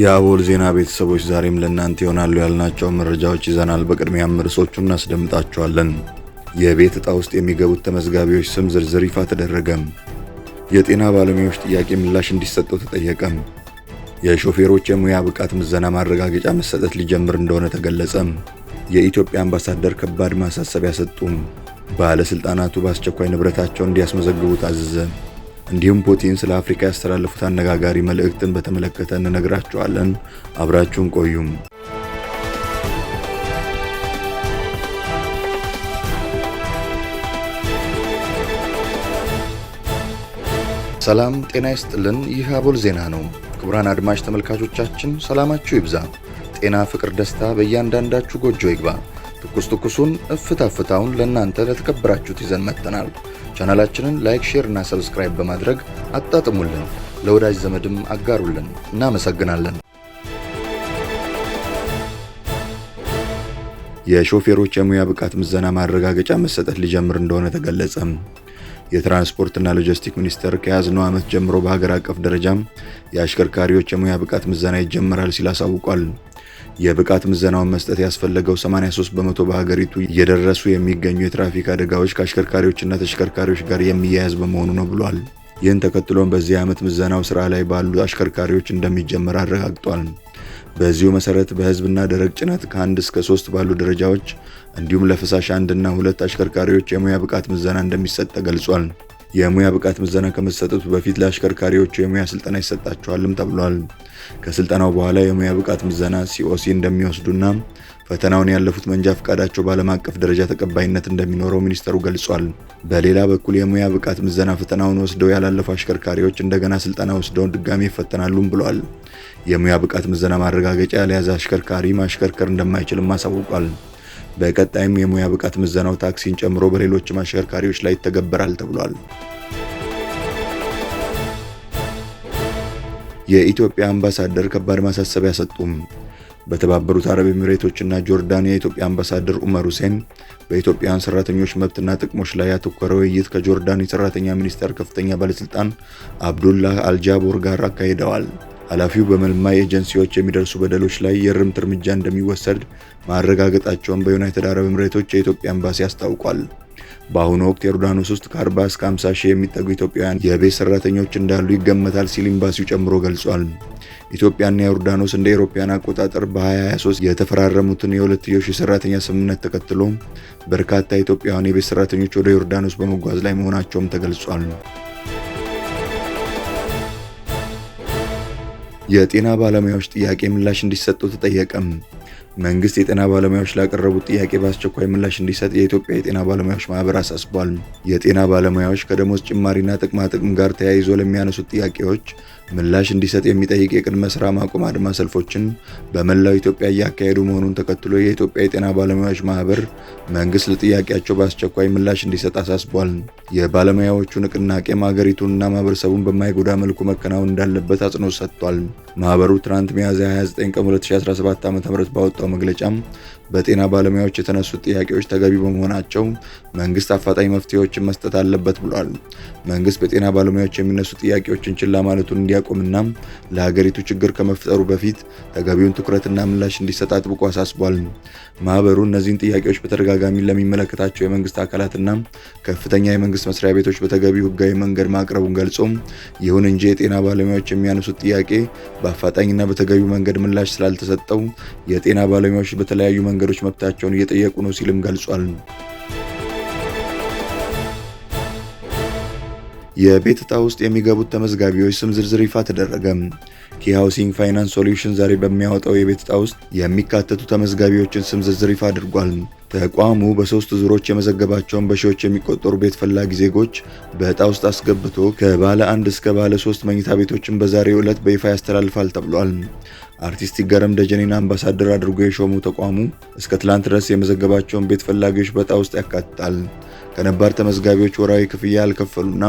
የአቦል ዜና ቤተሰቦች ዛሬም ለእናንተ ይሆናሉ ያልናቸው መረጃዎች ይዘናል። በቅድሚያም ርዕሶቹን እናስደምጣቸዋለን። የቤት ዕጣ ውስጥ የሚገቡት ተመዝጋቢዎች ስም ዝርዝር ይፋ ተደረገም። የጤና ባለሙያዎች ጥያቄ ምላሽ እንዲሰጠው ተጠየቀም። የሾፌሮች የሙያ ብቃት ምዘና ማረጋገጫ መሰጠት ሊጀምር እንደሆነ ተገለጸም። የኢትዮጵያ አምባሳደር ከባድ ማሳሰቢያ ሰጡም። ባለሥልጣናቱ በአስቸኳይ ንብረታቸውን እንዲያስመዘግቡ ታዘዘ። እንዲሁም ፑቲን ስለ አፍሪካ ያስተላለፉት አነጋጋሪ መልእክትን በተመለከተ እንነግራችኋለን። አብራችሁን ቆዩም። ሰላም ጤና ይስጥልን። ይህ አቦል ዜና ነው። ክቡራን አድማጭ ተመልካቾቻችን ሰላማችሁ ይብዛ፣ ጤና፣ ፍቅር፣ ደስታ በእያንዳንዳችሁ ጎጆ ይግባ። ትኩስ ትኩሱን እፍታ ፍታውን ለእናንተ ለተከበራችሁት ይዘን መጥተናል። ቻናላችንን ላይክ፣ ሼር እና ሰብስክራይብ በማድረግ አጣጥሙልን፣ ለወዳጅ ዘመድም አጋሩልን። እናመሰግናለን። የሾፌሮች የሙያ ብቃት ምዘና ማረጋገጫ መሰጠት ሊጀምር እንደሆነ ተገለጸ። የትራንስፖርትና ሎጂስቲክ ሚኒስቴር ከያዝነው ዓመት ጀምሮ በሀገር አቀፍ ደረጃም የአሽከርካሪዎች የሙያ ብቃት ምዘና ይጀምራል ሲል አሳውቋል። የብቃት ምዘናውን መስጠት ያስፈለገው 83 በመቶ በሀገሪቱ እየደረሱ የሚገኙ የትራፊክ አደጋዎች ከአሽከርካሪዎችና ተሽከርካሪዎች ጋር የሚያያዝ በመሆኑ ነው ብሏል። ይህን ተከትሎም በዚህ ዓመት ምዘናው ስራ ላይ ባሉ አሽከርካሪዎች እንደሚጀመር አረጋግጧል። በዚሁ መሰረት በህዝብና ደረቅ ጭነት ከአንድ እስከ ሶስት ባሉ ደረጃዎች እንዲሁም ለፈሳሽ አንድና ሁለት አሽከርካሪዎች የሙያ ብቃት ምዘና እንደሚሰጥ ተገልጿል። የሙያ ብቃት ምዘና ከመሰጠቱ በፊት ለአሽከርካሪዎቹ የሙያ ስልጠና ይሰጣቸዋልም ተብሏል። ከስልጠናው በኋላ የሙያ ብቃት ምዘና ሲኦሲ እንደሚወስዱና ፈተናውን ያለፉት መንጃ ፈቃዳቸው በዓለም አቀፍ ደረጃ ተቀባይነት እንደሚኖረው ሚኒስተሩ ገልጿል። በሌላ በኩል የሙያ ብቃት ምዘና ፈተናውን ወስደው ያላለፉ አሽከርካሪዎች እንደገና ስልጠና ወስደው ድጋሚ ይፈተናሉም ብሏል። የሙያ ብቃት ምዘና ማረጋገጫ ያልያዘ አሽከርካሪ ማሽከርከር እንደማይችልም አሳውቋል። በቀጣይም የሙያ ብቃት ምዘናው ታክሲን ጨምሮ በሌሎችም አሽከርካሪዎች ላይ ይተገበራል ተብሏል። የኢትዮጵያ አምባሳደር ከባድ ማሳሰቢያ ሰጡም። በተባበሩት አረብ ኤሚሬቶችና ጆርዳን የኢትዮጵያ አምባሳደር ኡመር ሁሴን በኢትዮጵያውያን ሰራተኞች መብትና ጥቅሞች ላይ ያተኮረ ውይይት ከጆርዳን የሰራተኛ ሚኒስቴር ከፍተኛ ባለስልጣን አብዱላህ አልጃቦር ጋር አካሂደዋል። ኃላፊው በመልማይ ኤጀንሲዎች የሚደርሱ በደሎች ላይ የእርምት እርምጃ እንደሚወሰድ ማረጋገጣቸውን በዩናይትድ አረብ ኤምሬቶች የኢትዮጵያ ኤምባሲ አስታውቋል። በአሁኑ ወቅት የዮርዳኖስ ውስጥ ከ40 እስከ 50 ሺህ የሚጠጉ ኢትዮጵያውያን የቤት ሰራተኞች እንዳሉ ይገመታል ሲል ኤምባሲው ጨምሮ ገልጿል። ኢትዮጵያና ዮርዳኖስ እንደ አውሮፓውያን አቆጣጠር በ2023 የተፈራረሙትን የሁለትዮሽ የሰራተኛ ስምምነት ተከትሎ በርካታ ኢትዮጵያውያን የቤት ሰራተኞች ወደ ዮርዳኖስ በመጓዝ ላይ መሆናቸውም ተገልጿል። የጤና ባለሙያዎች ጥያቄ ምላሽ እንዲሰጠው ተጠየቀም። መንግስት የጤና ባለሙያዎች ላቀረቡት ጥያቄ በአስቸኳይ ምላሽ እንዲሰጥ የኢትዮጵያ የጤና ባለሙያዎች ማህበር አሳስቧል። የጤና ባለሙያዎች ከደሞዝ ጭማሪና ጥቅማ ጥቅም ጋር ተያይዞ ለሚያነሱት ጥያቄዎች ምላሽ እንዲሰጥ የሚጠይቅ የቅድመ ስራ ማቆም አድማ ሰልፎችን በመላው ኢትዮጵያ እያካሄዱ መሆኑን ተከትሎ የኢትዮጵያ የጤና ባለሙያዎች ማህበር መንግስት ለጥያቄያቸው በአስቸኳይ ምላሽ እንዲሰጥ አሳስቧል። የባለሙያዎቹ ንቅናቄም ሀገሪቱንና ማህበረሰቡን በማይጎዳ መልኩ መከናወን እንዳለበት አጽንኦት ሰጥቷል። ማህበሩ ትናንት ሚያዝያ 29 ቀን 2017 ዓ ም ባወጣ በወጣው መግለጫም በጤና ባለሙያዎች የተነሱት ጥያቄዎች ተገቢ በመሆናቸው መንግስት አፋጣኝ መፍትሄዎችን መስጠት አለበት ብሏል። መንግስት በጤና ባለሙያዎች የሚነሱ ጥያቄዎችን ችላ ማለቱን እንዲያቆምና ለሀገሪቱ ችግር ከመፍጠሩ በፊት ተገቢውን ትኩረትና ምላሽ እንዲሰጥ አጥብቆ አሳስቧል። ማህበሩ እነዚህን ጥያቄዎች በተደጋጋሚ ለሚመለከታቸው የመንግስት አካላትና ከፍተኛ የመንግስት መስሪያ ቤቶች በተገቢው ህጋዊ መንገድ ማቅረቡን ገልጾ ይሁን እንጂ የጤና ባለሙያዎች የሚያነሱት ጥያቄ በአፋጣኝና በተገቢው መንገድ ምላሽ ስላልተሰጠው የጤና ባለሙያዎች በተለያዩ መንገድ መንገዶች መብታቸውን እየጠየቁ ነው ሲልም ገልጿል። የቤት ዕጣ ውስጥ የሚገቡት ተመዝጋቢዎች ስም ዝርዝር ይፋ ተደረገ። ኪ ሃውሲንግ ፋይናንስ ሶሉሽን ዛሬ በሚያወጣው የቤት ዕጣ ውስጥ የሚካተቱ ተመዝጋቢዎችን ስም ዝርዝር ይፋ አድርጓል። ተቋሙ በሶስት ዙሮች የመዘገባቸውን በሺዎች የሚቆጠሩ ቤት ፈላጊ ዜጎች በዕጣ ውስጥ አስገብቶ ከባለ አንድ እስከ ባለ ሶስት መኝታ ቤቶችን በዛሬው ዕለት በይፋ ያስተላልፋል ተብሏል። አርቲስት ይገረም ደጀኔን አምባሳደር አድርጎ የሾመው ተቋሙ እስከ ትላንት ድረስ የመዘገባቸውን ቤት ፈላጊዎች በዕጣ ውስጥ ያካትታል። ከነባር ተመዝጋቢዎች ወራዊ ክፍያ ያልከፈሉና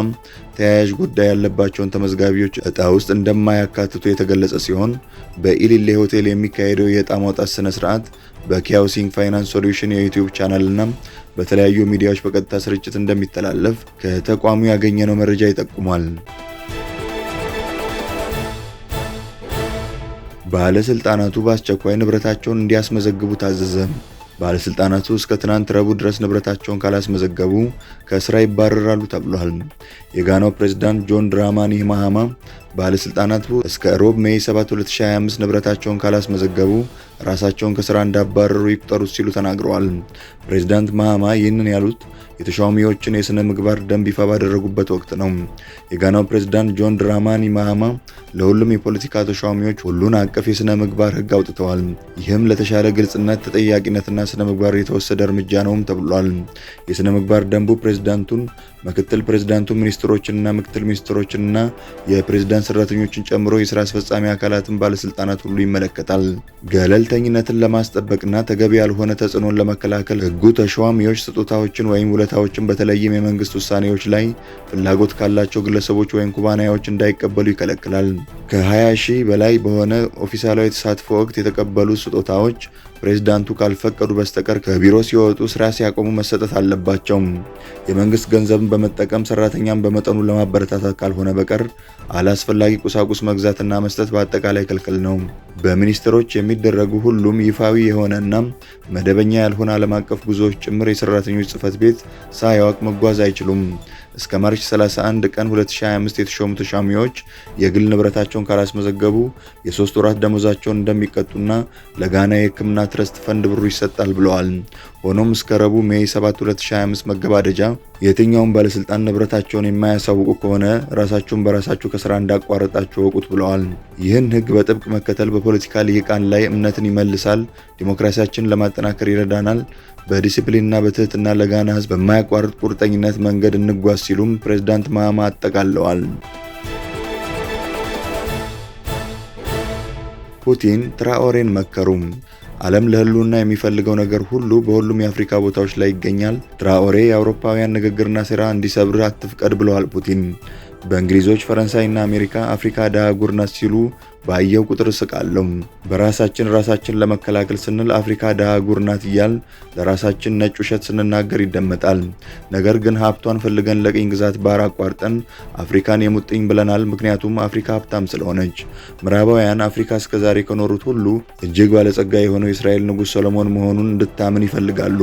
ተያያዥ ጉዳይ ያለባቸውን ተመዝጋቢዎች እጣ ውስጥ እንደማያካትቱ የተገለጸ ሲሆን በኢሊሌ ሆቴል የሚካሄደው የእጣ ማውጣት ስነ ስርዓት በኪያውሲንግ ፋይናንስ ሶሉሽን የዩቲዩብ ቻናልና በተለያዩ ሚዲያዎች በቀጥታ ስርጭት እንደሚተላለፍ ከተቋሙ ያገኘነው መረጃ ይጠቁማል። ባለስልጣናቱ በአስቸኳይ ንብረታቸውን እንዲያስመዘግቡ ታዘዘ። ባለስልጣናቱ እስከ ትናንት ረቡዕ ድረስ ንብረታቸውን ካላስመዘገቡ ከስራ ይባረራሉ ተብሏል። የጋናው ፕሬዝዳንት ጆን ድራማኒ ማሃማ ባለስልጣናቱ እስከ ሮብ ሜይ 7 2025 ንብረታቸውን ካላስመዘገቡ ራሳቸውን ከስራ እንዳባረሩ ይቁጠሩት ሲሉ ተናግረዋል። ፕሬዝዳንት ማሃማ ይህንን ያሉት የተሿሚዎችን የሥነ ምግባር ደንብ ይፋ ባደረጉበት ወቅት ነው። የጋናው ፕሬዝዳንት ጆን ድራማኒ ማሃማ ለሁሉም የፖለቲካ ተሿሚዎች ሁሉን አቀፍ የሥነ ምግባር ሕግ አውጥተዋል። ይህም ለተሻለ ግልጽነት፣ ተጠያቂነትና ሥነ ምግባር የተወሰደ እርምጃ ነውም ተብሏል። የሥነ ምግባር ደንቡ ፕሬዝዳንቱን ምክትል ፕሬዝዳንቱ ሚኒስትሮችንና ምክትል ሚኒስትሮችንና የፕሬዝዳንት ሰራተኞችን ጨምሮ የስራ አስፈጻሚ አካላትን ባለስልጣናት ሁሉ ይመለከታል። ገለልተኝነትን ለማስጠበቅና ተገቢ ያልሆነ ተጽዕኖን ለመከላከል ህጉ ተሿሚዎች ስጦታዎችን ወይም ውለታዎችን በተለይም የመንግስት ውሳኔዎች ላይ ፍላጎት ካላቸው ግለሰቦች ወይም ኩባንያዎች እንዳይቀበሉ ይከለክላል። ከ20 ሺህ በላይ በሆነ ኦፊሳላዊ ተሳትፎ ወቅት የተቀበሉ ስጦታዎች ፕሬዝዳንቱ ካልፈቀዱ በስተቀር ከቢሮ ሲወጡ ስራ ሲያቆሙ መሰጠት አለባቸው። የመንግስት ገንዘብን በመጠቀም ሰራተኛን በመጠኑ ለማበረታታት ካልሆነ በቀር አላስፈላጊ ቁሳቁስ መግዛትና መስጠት በአጠቃላይ ክልክል ነው። በሚኒስትሮች የሚደረጉ ሁሉም ይፋዊ የሆነና መደበኛ ያልሆነ ዓለም አቀፍ ጉዞዎች ጭምር የሰራተኞች ጽህፈት ቤት ሳያውቅ መጓዝ አይችሉም። እስከ ማርች 31 ቀን 2025 የተሾሙ ተሻሚዎች የግል ንብረታቸውን ካላስመዘገቡ የሶስት ወራት ደመዛቸውን እንደሚቀጡና ለጋና የህክምና ትረስት ፈንድ ብሩ ይሰጣል ብለዋል። ሆኖም እስከ ረቡዕ ሜይ 7 2025 መገባደጃ የትኛውን ባለስልጣን ንብረታቸውን የማያሳውቁ ከሆነ ራሳችሁን በራሳችሁ ከስራ እንዳቋረጣችሁ እወቁት ብለዋል። ይህን ህግ በጥብቅ መከተል በፖለቲካ ልሂቃን ላይ እምነትን ይመልሳል፣ ዲሞክራሲያችንን ለማጠናከር ይረዳናል። በዲሲፕሊንና በትህትና ለጋና ህዝብ በማያቋርጥ ቁርጠኝነት መንገድ እንጓዝ ሲሉም ፕሬዝዳንት ማማ አጠቃለዋል። ፑቲን ትራኦሬን መከሩም ዓለም ለህልውና የሚፈልገው ነገር ሁሉ በሁሉም የአፍሪካ ቦታዎች ላይ ይገኛል። ትራኦሬ የአውሮፓውያን ንግግርና ሴራ እንዲሰብር አትፍቀድ ብለዋል ፑቲን። በእንግሊዞች ፈረንሳይና አሜሪካ አፍሪካ ድሃ አህጉር ናት ሲሉ ባየው ቁጥር እስቃለሁ። በራሳችን ራሳችን ለመከላከል ስንል አፍሪካ ድሃ አህጉር ናት እያል ለራሳችን ነጭ ውሸት ስንናገር ይደመጣል። ነገር ግን ሀብቷን ፈልገን ለቅኝ ግዛት ባህር አቋርጠን አፍሪካን የሙጥኝ ብለናል። ምክንያቱም አፍሪካ ሀብታም ስለሆነች። ምዕራባውያን አፍሪካ እስከዛሬ ከኖሩት ሁሉ እጅግ ባለጸጋ የሆነው የእስራኤል ንጉሥ ሰሎሞን መሆኑን እንድታምን ይፈልጋሉ።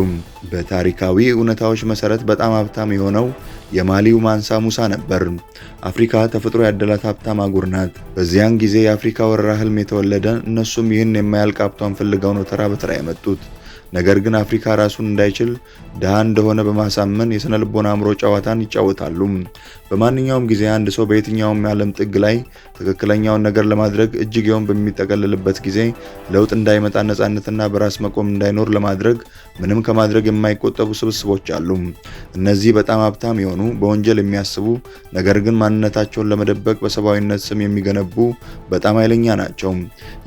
በታሪካዊ እውነታዎች መሰረት በጣም ሀብታም የሆነው የማሊው ማንሳ ሙሳ ነበር። አፍሪካ ተፈጥሮ ያደላት ሀብታም አህጉር ናት። በዚያን ጊዜ የአፍሪካ ወረራ ህልም የተወለደ እነሱም ይህን የማያልቅ ሀብቷን ፈልገው ነው ተራ በተራ የመጡት። ነገር ግን አፍሪካ ራሱን እንዳይችል ድሃ እንደሆነ በማሳመን የስነ ልቦና አእምሮ ጨዋታን ይጫወታሉ። በማንኛውም ጊዜ አንድ ሰው በየትኛውም የዓለም ጥግ ላይ ትክክለኛውን ነገር ለማድረግ እጅጌውን በሚጠቀልልበት ጊዜ ለውጥ እንዳይመጣ ነፃነትና በራስ መቆም እንዳይኖር ለማድረግ ምንም ከማድረግ የማይቆጠቡ ስብስቦች አሉ። እነዚህ በጣም ሀብታም የሆኑ በወንጀል የሚያስቡ ነገር ግን ማንነታቸውን ለመደበቅ በሰብአዊነት ስም የሚገነቡ በጣም ኃይለኛ ናቸው።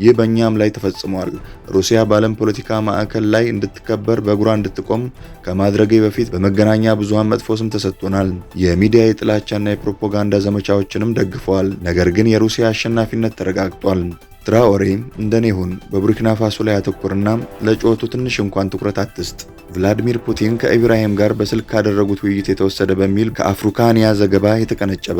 ይህ በእኛም ላይ ተፈጽሟል። ሩሲያ በዓለም ፖለቲካ ማዕከል ላይ እንድትከበር በጉራ እንድትቆም ከማድረጌ በፊት በመገናኛ ብዙሃን መጥፎ ስም ተሰጥቶናል። የሚዲያ የጥላቻ የጥላቻና የፕሮፓጋንዳ ዘመቻዎችንም ደግፈዋል። ነገር ግን የሩሲያ አሸናፊነት ተረጋግጧል። ትራኦሬ እንደኔ ሁን፣ በቡርኪና ፋሶ ላይ አተኩርና ለጩኸቱ ትንሽ እንኳን ትኩረት አትስጥ። ቭላዲሚር ፑቲን ከኢብራሂም ጋር በስልክ ካደረጉት ውይይት የተወሰደ በሚል ከአፍሪካንያ ዘገባ የተቀነጨበ